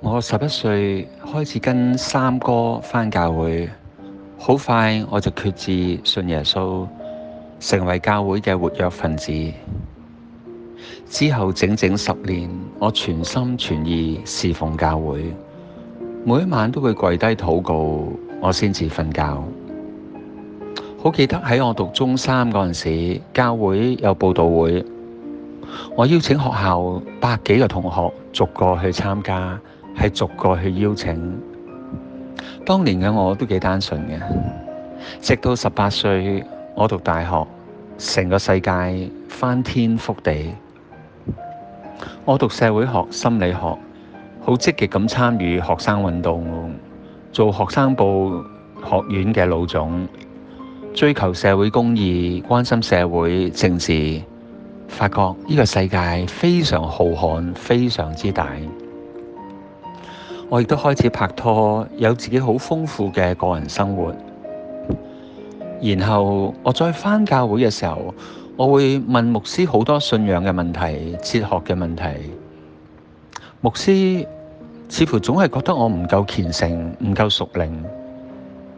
我十一歲開始跟三哥返教會，好快我就決志信耶穌，成為教會嘅活躍分子。之後整整十年，我全心全意侍奉教會，每一晚都會跪低禱告，我先至瞓覺。好記得喺我讀中三嗰陣時，教會有佈道會，我邀請學校百幾個同學逐個去參加。係逐個去邀請。當年嘅我都幾單純嘅。直到十八歲，我讀大學，成個世界翻天覆地。我讀社會學、心理學，好積極咁參與學生運動，做學生報學院嘅老總，追求社會公義，關心社會政治，發覺呢個世界非常浩瀚，非常之大。我亦都開始拍拖，有自己好豐富嘅個人生活。然後我再返教會嘅時候，我會問牧師好多信仰嘅問題、哲學嘅問題。牧師似乎總係覺得我唔夠虔誠、唔夠屬靈，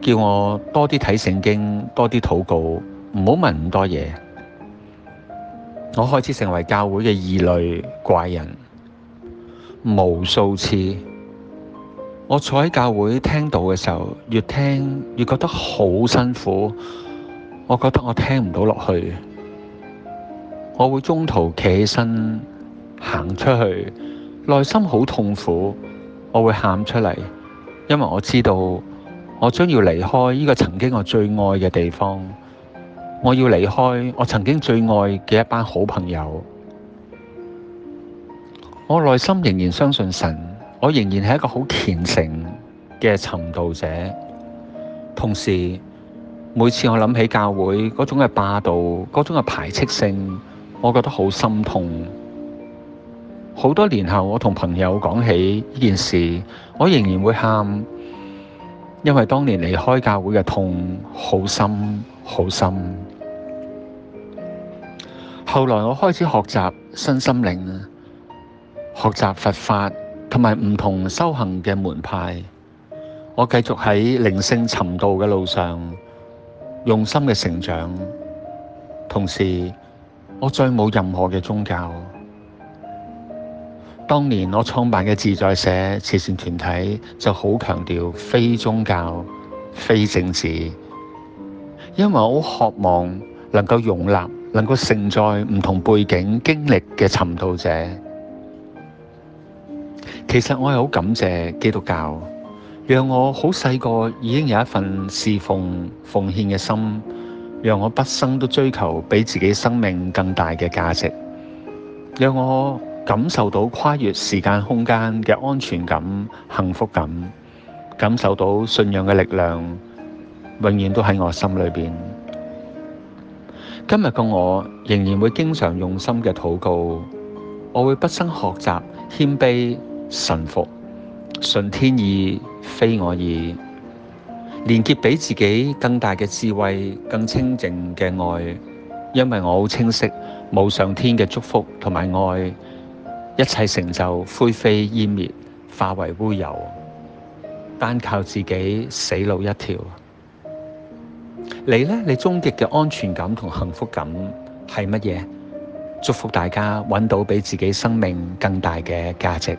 叫我多啲睇聖經、多啲禱告，唔好問咁多嘢。我開始成為教會嘅異類怪人，無數次。我坐喺教會聽到嘅時候，越聽越覺得好辛苦，我覺得我聽唔到落去，我會中途企起身行出去，內心好痛苦，我會喊出嚟，因為我知道我將要離開呢個曾經我最愛嘅地方，我要離開我曾經最愛嘅一班好朋友，我內心仍然相信神。我仍然係一個好虔誠嘅尋道者，同時每次我諗起教會嗰種嘅霸道、嗰種嘅排斥性，我覺得好心痛。好多年後，我同朋友講起呢件事，我仍然會喊，因為當年離開教會嘅痛好深好深。後來我開始學習身心靈，學習佛法。同埋唔同修行嘅門派，我繼續喺靈性尋道嘅路上用心嘅成長。同時，我再冇任何嘅宗教。當年我創辦嘅自在社慈善團體就好強調非宗教、非政治，因為我好渴望能夠容納、能夠承載唔同背景經歷嘅尋道者。其實我係好感謝基督教，讓我好細個已經有一份侍奉奉獻嘅心，讓我畢生都追求比自己生命更大嘅價值，讓我感受到跨越時間空間嘅安全感、幸福感，感受到信仰嘅力量，永遠都喺我心裏面。今日嘅我仍然會經常用心嘅禱告，我會畢生學習謙卑。臣服，順天意，非我意。連結比自己更大嘅智慧、更清淨嘅愛，因為我好清晰，冇上天嘅祝福同埋愛，一切成就灰飛煙滅，化為烏有。單靠自己死路一條。你呢？你終極嘅安全感同幸福感係乜嘢？祝福大家搵到比自己生命更大嘅價值。